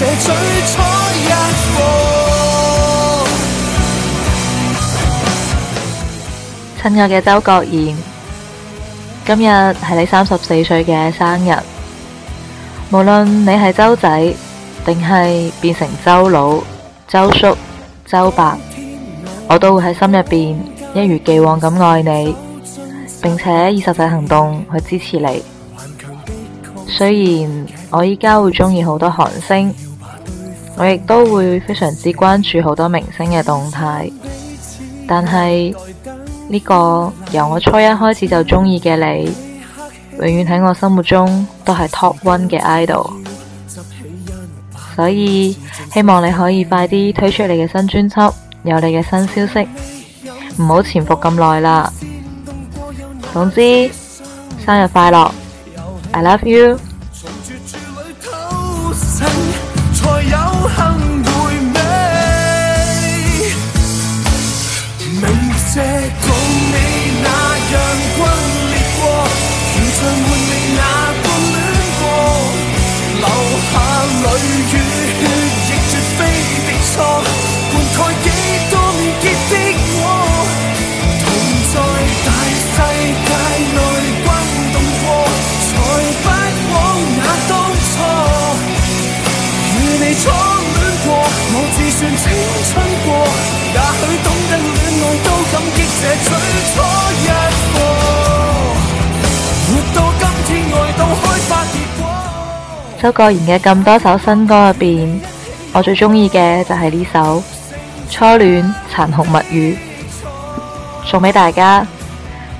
親愛嘅周國賢，今日係你三十四歲嘅生日。無論你係周仔，定係變成周老、周叔、周伯，我都會喺心入邊一如既往咁愛你，並且以實際行動去支持你。雖然我依家會中意好多韓星。我亦都會非常之關注好多明星嘅動態，但係，呢個由我初一開始就鍾意嘅你，永遠喺我心目中都係 Top One 嘅 Idol，所以希望你可以快啲推出你嘅新專輯，有你嘅新消息，唔好潛伏咁耐啦。總之，生日快樂，I love you。周國賢嘅咁多首新歌入邊，我最中意嘅就係呢首《初戀殘酷物語》，送俾大家。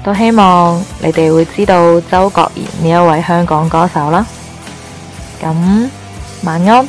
都希望你哋會知道周國賢呢一位香港歌手啦。咁晚安。